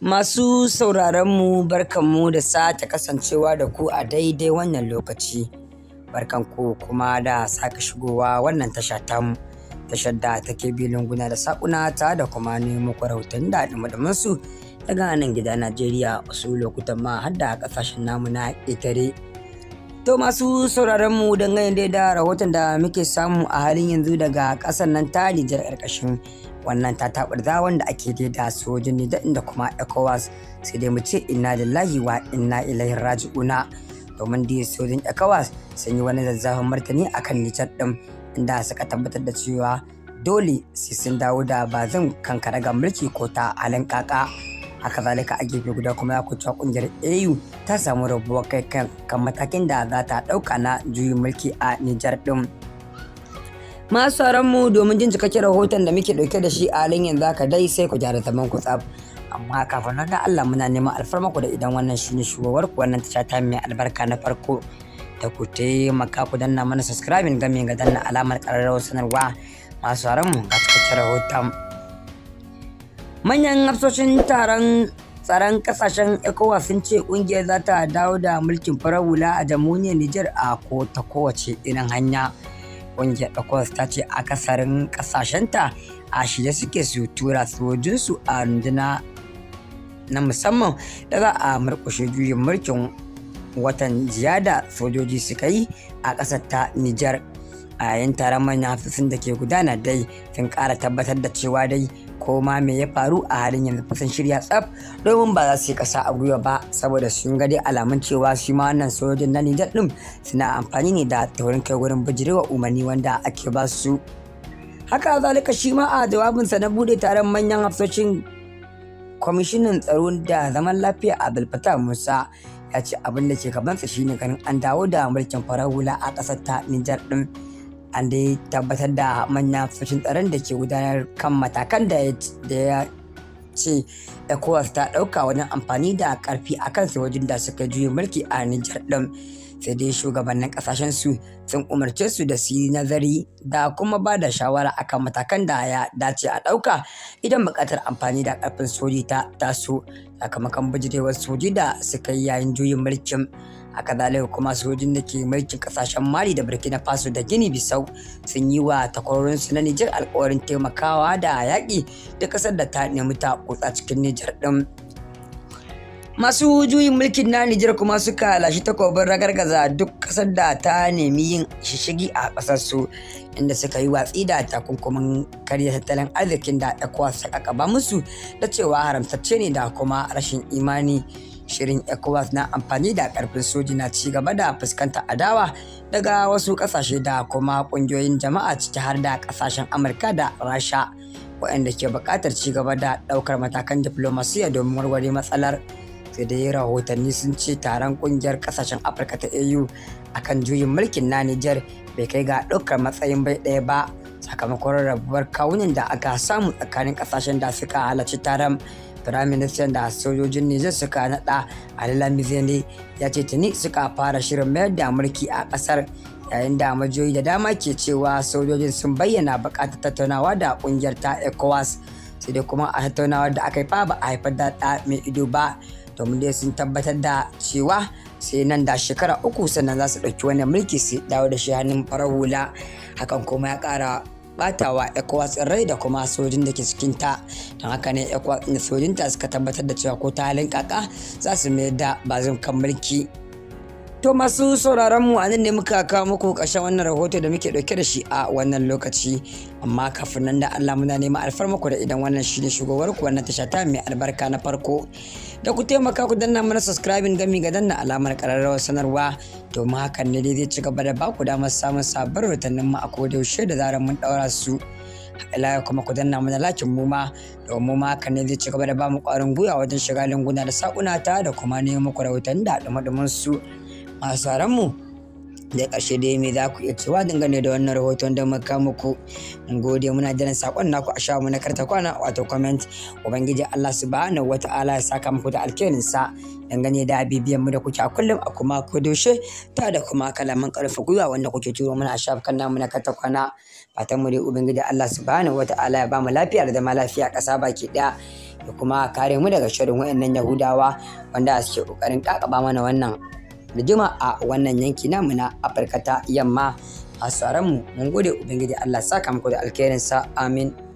Masu sauraronmu barkanmu da sake kasancewa da ku a daidai wannan lokaci. Barkanku kuma da sake shigowa wannan tasha tamu, tashar da take bi guna da sakuna ta da kuma nemo rahoton da su daga nan gida Najeriya wasu lokutan ma har a kasashen namu na ƙetare. To masu sauraron mu ganin dai da rahoton da muke samu a halin yanzu daga kasar nan ta Nijar ƙarƙashin wannan ta taɓarza wanda ake dai da sojin Nijar da kuma ECOWAS sai dai mu ce inna lillahi wa inna ilaihi raji'una domin dai sojin ECOWAS sun yi wani zazzafin martani akan Nijar ɗin inda suka tabbatar da cewa dole sai sun dawo da ba zan kankara ga mulki ko ta halin kaka. haka zalika a gefe guda kuma ya kucewa kungiyar au ta samu rabuwa kai kan matakin da za ta ɗauka na juyin mulki a nijar din. masu mu domin jin cikakken rahoton da muke ɗauke da shi a halin yanzu haka dai sai ku gyara zaman ku tsaf amma kafin nan da Allah muna neman ku da idan wannan shi ne shugabar ku wannan ta ta mai albarka na farko da ku taimaka ku danna mana subscribing game ga danna alamar ƙararrawar sanarwa masu mu ga cikakken rahoton manyan hafsoshin taron tsaron kasashen ecowas sun ce kungiyar za ta dawo da mulkin farar hula a jamhuriyar Nijar a ko ta kowace irin hanya kungiyar ecowas ta ce akasarin kasashenta a shirye suke su tura sojinsu a runduna na musamman da za a murkushe juyin mulkin watan Ziyada sojoji suka yi a ƙasar ta Nijar, a yayin taron manyan hafsoshin da ke gudana dai sun ƙara tabbatar da cewa dai Koma ma me ya faru a halin yanzu kusan shirya tsaf domin ba za su yi kasa a gwiwa ba saboda sun ga alamun cewa shi ma wannan sojojin na Nijar din suna amfani ne da taurin kai wurin bijirewa umarni wanda ake ba su haka zalika shi ma a jawabinsa na bude taron manyan hafsoshin kwamishinan tsaro da zaman lafiya abdul fatah musa ya ce abin da ke gabansa shine ganin an dawo da mulkin farar hula a ƙasar ta nijar din an dai tabbatar da manyan fushin tsaron da ke gudanar kan matakan da ya ce ecowas ta ɗauka wajen amfani da ƙarfi a kan sojojin da suka juya mulki a nijar ɗin sai dai shugabannin ƙasashen su sun umarce su da su yi nazari da kuma ba da shawara akan matakan da ya dace a ɗauka idan buƙatar amfani da ƙarfin soji ta taso sakamakon bijirewar soji da suka yi yayin juyin mulkin A zalika kuma sojin da ke mulkin kasashen mali da burkina faso da gini bisau sun yi wa takwarorinsu na nijar alkawarin taimakawa da yaƙi da ƙasar da ta nemi ta kutsa cikin nijar ɗin masu juyin mulkin na Nijar kuma suka lashi takobin ragargaza duk kasar da ta nemi yin shishigi a kasar inda suka yi watsi da takunkumin karya tattalin arzikin da ECOWAS ta ba musu da cewa haramtacce ne da kuma rashin imani shirin ecowas na amfani da karfin soji na ci gaba da fuskanta adawa daga wasu kasashe da kuma kungiyoyin jama'a ciki har da kasashen amurka da rasha waɗanda ke buƙatar ci gaba da ɗaukar matakan diflomasiya domin warware matsalar sai dai rahotanni sun ce taron kungiyar kasashen afirka ta au kan juyin mulkin na niger bai kai ga ɗaukar matsayin bai ɗaya ba sakamakon rabuwar kawunin da aka samu tsakanin ƙasashen da suka halarci taron firaministan da sojojin nijar suka naɗa a zane ya ce tuni suka fara shirin mayar da mulki a ƙasar yayin da majoyi da dama ke cewa sojojin sun bayyana bukatar tattaunawa da ƙungiyar ta ecowas sai dai kuma a tattaunawa da aka yi fa ba a haifar da ɗa mai ido ba domin dai sun tabbatar da cewa sai nan da shekara uku sannan za su ɗauki wannan mulki su dawo da shi hannun farar hula hakan kuma ya kara. batawa ecowas rai da kuma sojin da ke cikin ta don haka ne ecowas sojin ta suka tabbatar da cewa ko ta halin kaka za su mayar da bazin kan mulki To masu sauraron mu anan ne muka kawo muku ƙarshen wannan rahoto da muke ɗauke da shi a wannan lokaci amma kafin nan da Allah muna neman alfar muku da idan wannan shi ne shugabar ku wannan tasha ta mai albarka na farko da ku taimaka ku danna mana subscribing gami ga danna alamar ƙararrawar sanarwa domin hakan ne zai ci gaba da ba ku damar samun sabbin rahotannin mu a kodayaushe da zarar mun ɗaura su. ya kuma ku danna mana lakin mu ma domin ma hakan ne zai ci gaba da ba mu ƙwarin gwiwa wajen shiga lunguna da saƙuna ta da kuma nemo muku rahoton da dumadumin su mu da ƙarshe dai me za ku iya cewa dangane da wannan rahoton da muka muku mun gode muna jiran sakon naku a shamu na karta kwana wato comment ubangiji Allah subhanahu wata'ala ya saka muku da alkhairin sa dangane da bibiyan mu da kuke a kullum a kuma ko doshe ta da kuma kalaman karfa gwiwa wanda kuke turo muna a shafukan namu na karta kwana fatan mu dai ubangiji Allah subhanahu wata'ala ya ba mu lafiya da zama lafiya ƙasa baki ɗaya da kuma kare mu daga shirin waɗannan Yahudawa wanda suke ƙoƙarin ƙaƙaba mana wannan rigima a wannan yanki namu na Afirka ta yamma. A mu mun gode Ubangiji Allah saka muku da alkhairinsa amin.